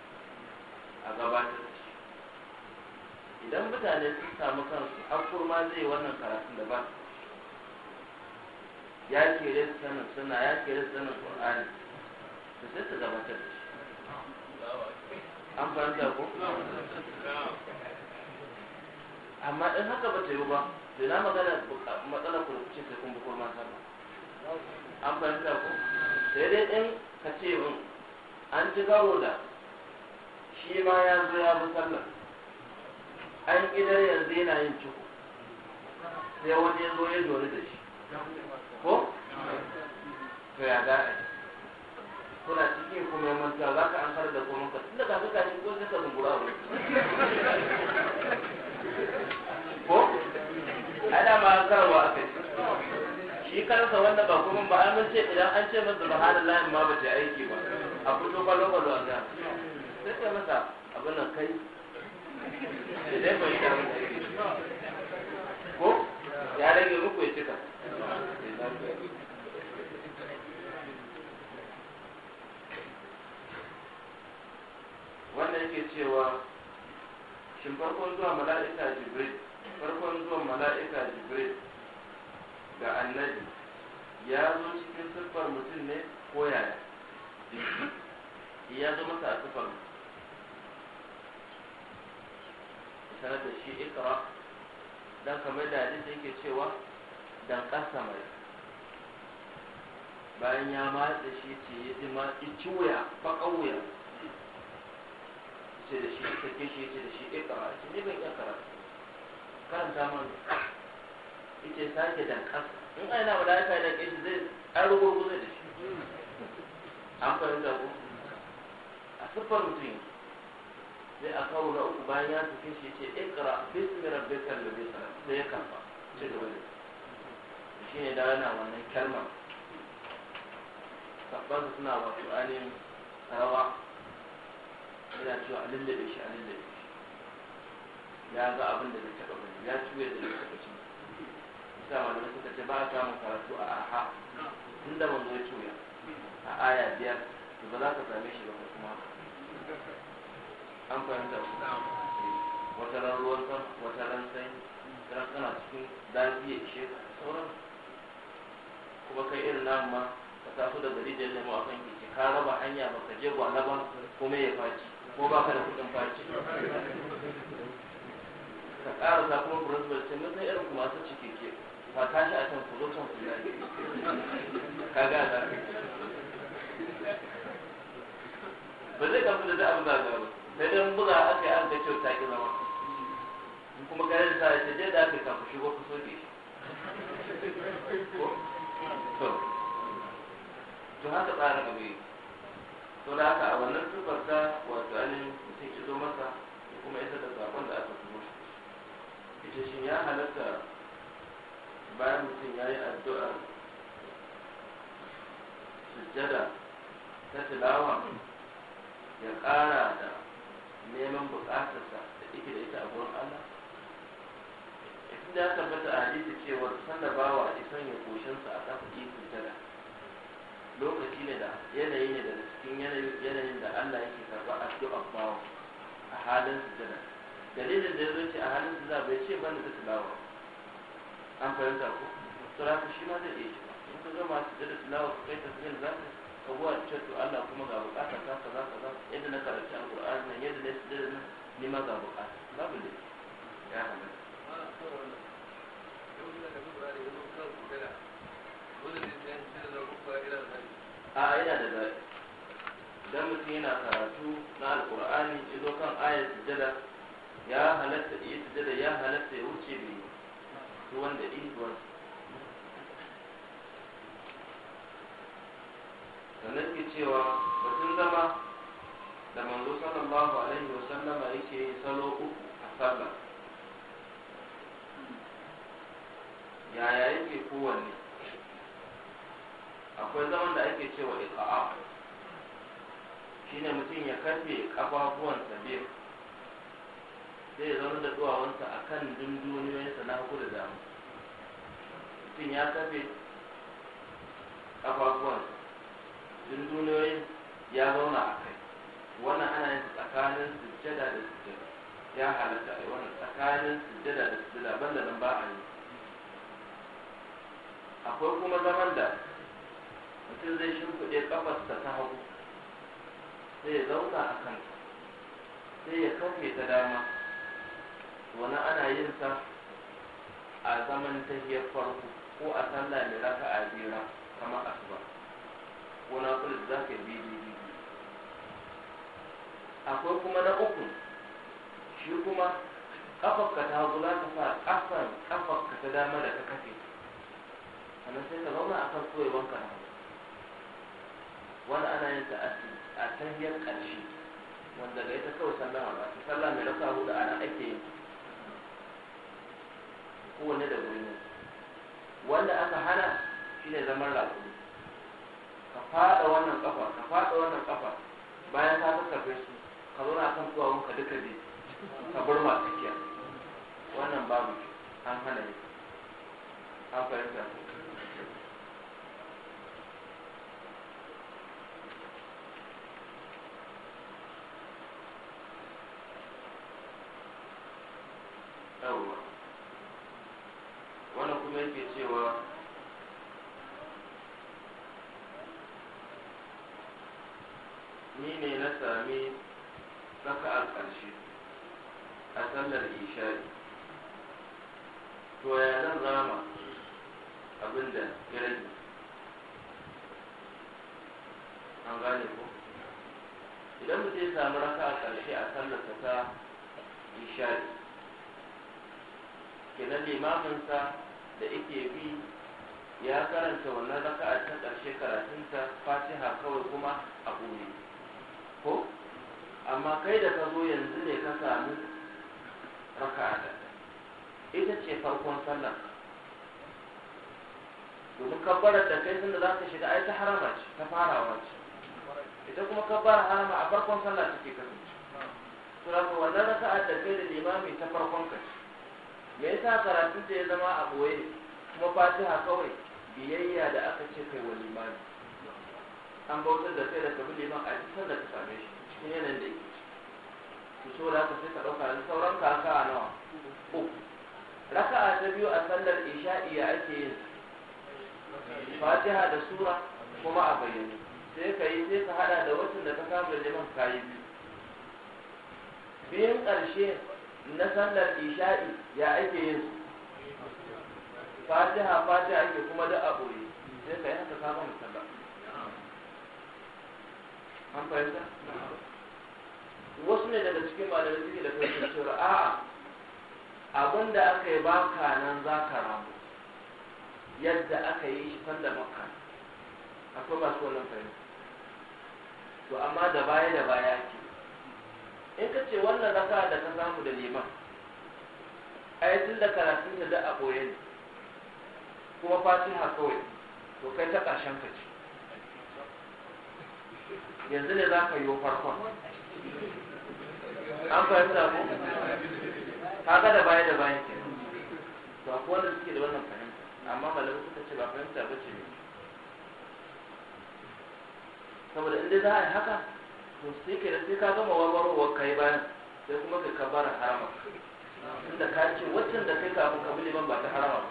Speaker 1: a gabatar da shi. idan mutane sun samu kansu kurma zai yi wannan karatun da ba ya kere su sanin suna ya kere su sanin qur'ani su sai su gabatar da shi an fahimta ko amma in haka ba ta yi ba to na magana matsala ku ce sai kun bukur mata ba an fahimta ko sai dai in ka ce min an ji gawo da shi ma ya zo ya bi sallar an idan yanzu yana yin ciko sai wani ya zo ya dori da shi ko to ya za a yi kuna cikin kuma yan manta za ka an fara da kuma ka tunda ka suka shi ko sai ka zungura wuri
Speaker 2: ko ana ma karwa aka
Speaker 1: kai shi kansa wanda ba kuma ba an ce idan an ce masa layin ma ba ta aiki ba a fito kwalo kwalo a ga sai ka masa abin nan kai da zai bai ta
Speaker 2: ko ya rage
Speaker 1: muku ya cika wannan yake cewa shin farkon zuwa mala'ika jibril farkon zuwa mala'ika jibril ga annabi ya zo cikin siffar mutum ne ko yaya ya zo masa a siffar mutum sanar da shi ikra dan kamar da hadisi yake cewa dan kasamai bayan ya matsa shi ce ya ji matsi wuya, bakan wuya ce da shi ita ke shi ce da shi ikra ce ne bai ikra Kan zaman ita sake dan kasa in ana wadata da kai zai an rubo da shi an fahimta ko a siffar mutum sai a kawo na uku bayan ya tafi shi ce ikra bismi rabbika alladhi khalaq sai ya kafa sai da da shi ne da yana wannan kalma sabban suna wasu ainihin rawa yana cewa a da shi a da shi ya ga abin da bai taba gani ya ci da bai taɓa ci sa malamai suka ce ba a samun karatu a aha inda da manzo ya tuya a aya biyar ba za ka same shi ba kuma an fahimta ku wata ran ruwan kan wata ran sanyi ran kana cikin daji ya ishe ka sauran kuma kai irin nan ma ka taso da gari da lemo akan keke ka raba hanya ba ka je gwana ba kuma ya faci ko ba ka da kuɗin faci ka ƙara sa kuma principal ce mun sai irin kuma su cike ke ba tashi a can ku zo can ku yi ka ga za ka ba zai kafin da a zaga ba sai dan buga aka an ga cewa take zama in kuma kare da sai je da aka ku shigo ku so ne to to haka tsara ga yi to da haka a wannan tubar ta wato ainihin mutum ya zo masa kuma isa da sakon da aka kuma ita shin ya halatta bayan mutum ya yi addu'a sujjada ta tilawa ya ƙara da neman bukatarsa da ike da ita a gurin Allah ya tabbata a hadisi cewa sanda bawa a isan ya koshinsa a kafa ikon tara lokaci ne da yanayi ne da cikin yanayin da Allah yake karba cikin bawa a halin sujada dalilin da ya zo ce a halin sujada bai ce bani da tilawa an fahimta ko sura ku shi ma zai iya shi in ka zo masu sujada tilawa ka kai tafiyar za ka ka buwa da cewa Allah kuma ga bukata ta kaza kaza yadda na karanta alqur'ani nan yadda na sidda nan ni ma ga bukata babu ne ya halatta a yana da zaɓi idan mutum yana karatu na alkur'ani ya zo kan ayar sujada ya halatta iya sujada ya halatta ya wuce bai ruwan da ɗin sannan ke cewa batun zama da manzo sallallahu alaihi wa sallama yake salo uku a sallah yaya yake kowanne akwai zaman da ake cewa iqa'a shine mutum ya karfe kafafuwansa biyu zai zama da duwawansa a kan dunduniyoyinsa na hagu da dama mutum ya karfe kafafuwansa dunduniyoyin ya zauna a kai wannan ana yin tsakanin sujjada da sujjada ya halatta a wannan tsakanin sujjada da sujjada banda nan ba a yi akwai kuma zaman da mutum zai shimfiɗe kafarsa ta hagu sai ya zauna a kanta sai ya kafe ta dama wani ana yin sa a zaman tahiyar farko ko a sallah mai a jera kamar asuba ko na kula da za ka yi akwai kuma na uku shi kuma kafarka ta hagu za ta fara kafan kafarka ta dama da ta kafe sannan sai ka zauna a kan koyewan ka hagu wani ana yin ta a tahiyar ƙarshe wanda da ita kawai sallama ba sallah mai raka hudu ana ake yin Kowane da gurin wanda aka hana shi ne zaman rakumi ka fada wannan kafa ka fada wannan kafa bayan ka kakkafe su ka zo na kan tuwawun wanka duka ne ka bar ma tsakiya wannan babu an hana ne an fahimta raka'a raka a a sallar ta ta isha'i kenan limaminsa da ike bi ya karanta wannan raka a ta karatun karatunta fatiha kawai kuma a buɗe ko amma kai da ka zo yanzu ne ka samu raka'a ita ce farkon sallar domin kabbarar da kai sun da za ka shiga ai ta harama ta farawa ce ita kuma ka ba harama a farkon sallah take kasance to da ko wannan raka'ar da kai da limami ta farkon ka me yasa karatun da ya zama a boye kuma fatiha kawai biyayya da aka ce kai wa limami an bautar da kai da kabi liman a cikin da ka same shi cikin yanayin da yake to so da ka sai ka ɗauka da sauran ka a nawa raka raka'a ta biyu a sallar isha'i ya ake yin fatiha da sura kuma a bayyana sai ka yi sai ka hada da watan da ka kama da liman kayi. biyu biyun ƙarshe na sallar isha'i ya ake yin su fatiha fatiha ake kuma da aboye sai ka yi haka kama gama sallah an fahimta wasu ne daga cikin malamai suke da fahimtar cewa a abin da aka yi baka nan za ka ramu yadda aka yi shi fan da makka akwai masu wannan fahimta to amma da baya da baya ke in ka ce wannan zaka da ka samu da liman ai tun da karatun da da a boye ne kuma ha kawai to kai ta karshen ka ce
Speaker 2: yanzu ne za ka yi farkon an fahimta ko kaga da baya da baya ke
Speaker 1: to akwai wanda suke da wannan fahimta amma malamu suka ce ba fahimta ba ce saboda inda za a yi haka to sai ke da sai ka gama warwarwar kai bayan sai kuma ka kabara harama inda ka ce wacce da kai kafin ka bude ban ba ta harama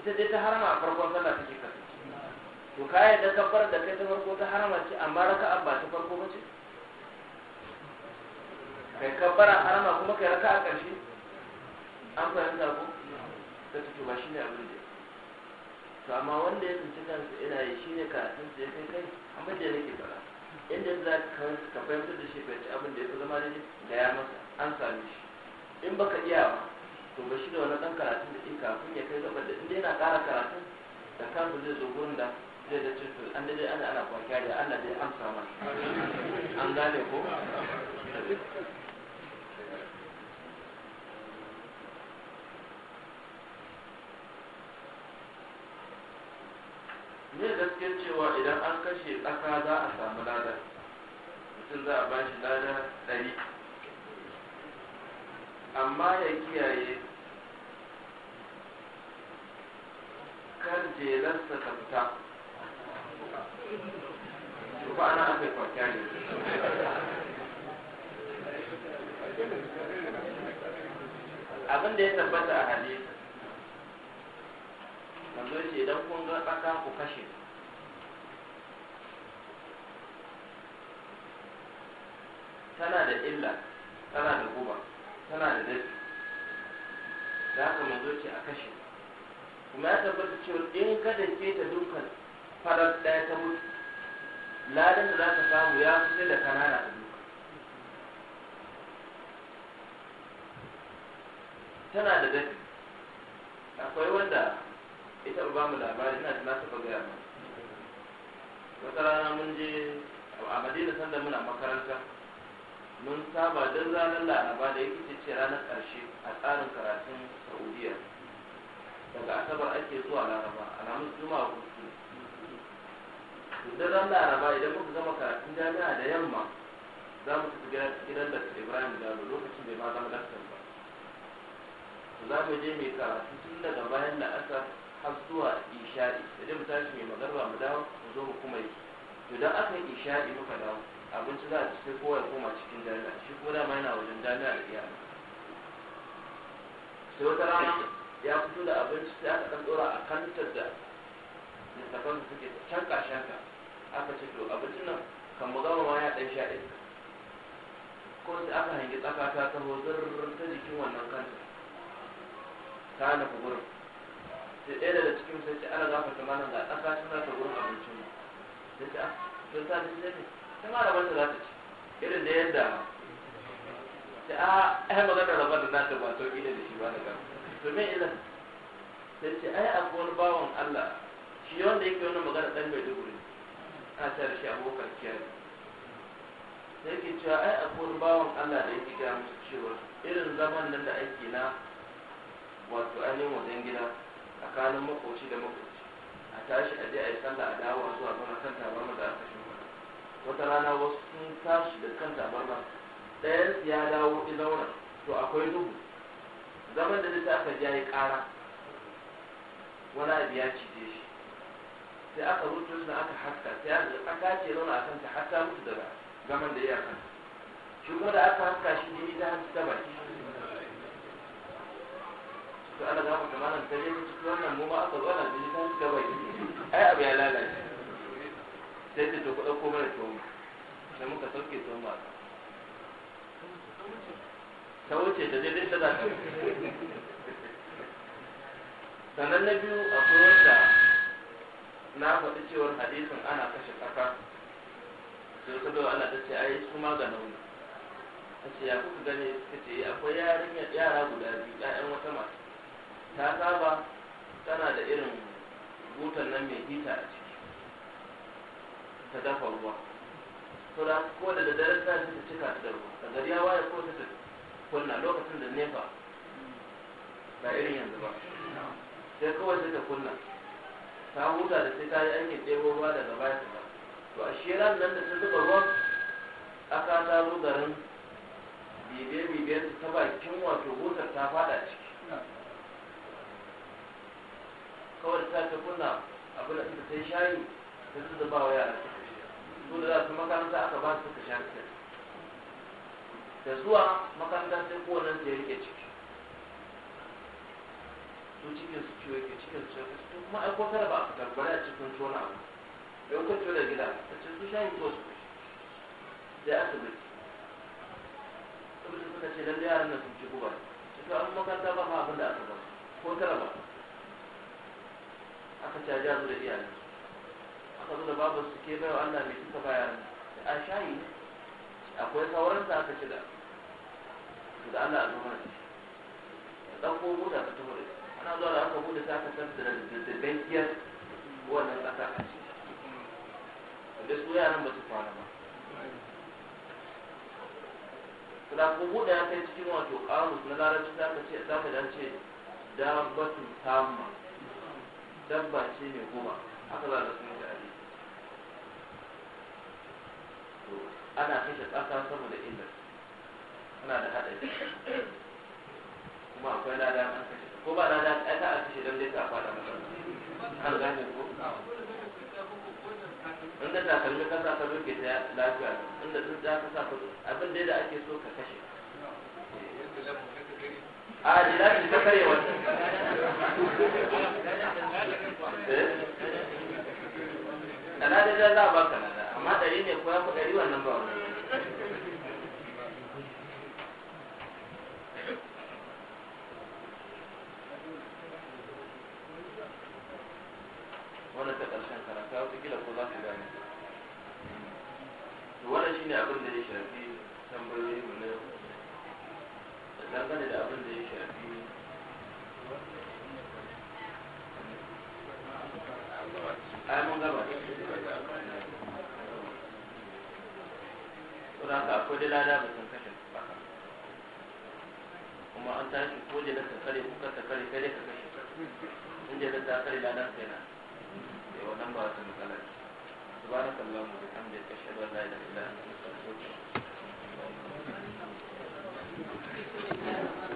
Speaker 1: ita dai ta harama a farkon sallah take ka to ka da kabar da kai ta farko ta harama ce amma raka'a ba ta farko ba ce
Speaker 2: kai kabara harama
Speaker 1: kuma kai a karshe an fahimta ko ta tuto ba ne abin da to amma wanda ya tsinci kansa ina yi shi ne karatun su ya kai kai abin da nake fara inda za ka fahimtar da shi fahimci abin da ya fi zama da da ya masa an sami shi in baka iya ba to ba shi da wani ɗan karatun da ke kafin ya kai gaba da inda yana ƙara karatun da kanku zai zo gurin da zai da cutu an dai ana ana kwakiya da Allah dai amsa sama an gane ko gaskiyar cewa idan an kashe tsaka za a samu lada mutum za a bashi lada ɗari amma ya kiyaye kar jelarsa ta fita
Speaker 2: ba ana aka kwakya ne abin da ya tabbata
Speaker 1: a hadisi manzo ce idan kun ga tsaka ku kashe su tana da illa tana da guba tana da dafi da ka manzo ce a kashe kuma ya tabbata cewa in ka dace ta dukkan farar ɗaya ta mutu ladan da za ka samu ya fi da kanana da duka tana da dafi akwai wanda ita ba mu labari ina da na bagaya gaya ma wata rana mun je a madina sanda muna makaranta mun saba don ranar laraba da yake ce ranar ƙarshe a tsarin karatun saudiya daga asabar ake zuwa laraba alhamis juma'a a don ran laraba idan muka zama karatun jami'a da yamma za mu tafi gidan da ibrahim jalo lokacin bai ma zama daktar ba za mu je mai karatu tun daga bayan da aka har zuwa isha'i idan mu tashi mai magarba mu dawo mu zo mu kuma yi to idan aka yi isha'i muka dawo abinci za a ci sai kowa ya koma cikin jami'a shi ko dama yana wajen jami'a da iya sai wata rana ya fito da abinci sai aka ɗan ɗora a kantar da tafan da suke can ƙashen aka ce to abincin nan kan mu gama ma ya ɗan sha ɗin ko sai aka hangi tsaka ta ta zurrur ta jikin wannan kanta ta nufi gurin sai ɗaya daga cikin sai ce ana gafa ta malam ga tsaka tana ta gurin abincin mu sai ta sai ta sai ta ta malaman ta za ta ci irin da yadda ta a ah, ai ba zaka rabar da ta ba to ina da shi ba daga to me ina sai ce ai akwai wani bawan Allah shi wanda yake wannan magana dan mai duguri a tare shi abokan kiyaye. sai ke cewa ai akwai wani bawan Allah da yake ga musu cewa irin zaman nan da ake na wato ainihin wajen gida tsakanin makoci da makoci a tashi a je a yi sallah a dawo zuwa zama kan tabarma da aka wata rana wasu sun tashi da kan tabarma ɗaya ya dawo izaura to akwai duhu zaman da zai aka ji yayi ƙara wani abu ya cije shi sai aka rutu da aka haska sai aka ce zauna a kanta hatta mutu daga zaman da ya kanta shi kuma da aka haska shi jini ta hanci ta baki to ana za mu tamanin ta yi mutu wannan mu ma aka zo ana jini ta hanci ta baki ai abu ya lalace sai ce to ku ɗauko mana tuwon sai muka sauke tuwon ba ta wuce da daidai ta zaka sannan na biyu akwai wanda na faɗi cewar hadisin ana kashe tsaka sai ka dawo ana ta ce ai su maganin ne ta ce ya kuka gane suka ce akwai yara guda biyu ƴaƴan wata mata ta saba tana da irin butan nan mai hita a ciki ta dafa ruwa to da ko da daddare ta ta cika ta da ruwa da gari ya waye ko ta kunna lokacin da nefa ba irin yanzu ba sai kawai ta ta kunna ta huta da sai ta yi aikin ɗebo ruwa daga baya ta to a shirar nan da ta zuba ruwa aka ta zo garin bibe-bibe ta bakin wato hutar ta fada ciki kawai ta ta kunna abin da ta yi shayi ta zuba wa yara ta su da za su makaranta aka ba su suka sha da zuwa makaranta sai kowannen da ya rike ciki su cikin su ciwo ke cikin su ciwo su kuma ai ko tara ba a fitar ba a cikin tona ba. da yau kwanciyo da gida a cikin su shayin ko su sai asibiti asibiti suka ce lalle yaran nan sun ci guba cikin an makaranta ba ma abin da aka ba ko tara ba aka caja su da iyayen saboda babu su ke bai wa Allah mai suka bayar a shayi akwai sauran da aka ci da da Allah a zuwa da shi dan ko buda ka tuhu da ana zuwa da aka buda ta ka san da da bankiyar wannan kasa a ci da su yaran ba su fara ba da ko buda ya kai cikin wato kamus na larabci za ka ce za ka dace dabbatun tamma dabba ce mai goma haka za ka ana shi ƙasa sama da inda ana da haɗari kuma akwai lada an kashe ko ba lada ai ta a kashe don dai ta fada an gane ko inda ta takalmi kasa sa ka ta lafiya inda sun za kasa ta ka abin dai da ake so ka kashe
Speaker 2: a shi ta kare wannan eh? kana da za a baka na amma ɗari ne ko ya fi ɗari wannan ba wani
Speaker 1: wannan ta ƙarshen karanta wata kila ko za su gane To wannan shine abin da ya shafi tambayoyi mu na dangane da abin da ya shafi
Speaker 2: ai mun gaba ko da haka akwai da lada ba
Speaker 1: san kashe ba kuma an tashi ko da ta kare ko ka ta kare kai ka kashe inda da ta kare ladan kai na eh wannan ba ta matsala subhanakallahumma wa bihamdika ashhadu an la ilaha illa anta astaghfiruka wa atubu ilaik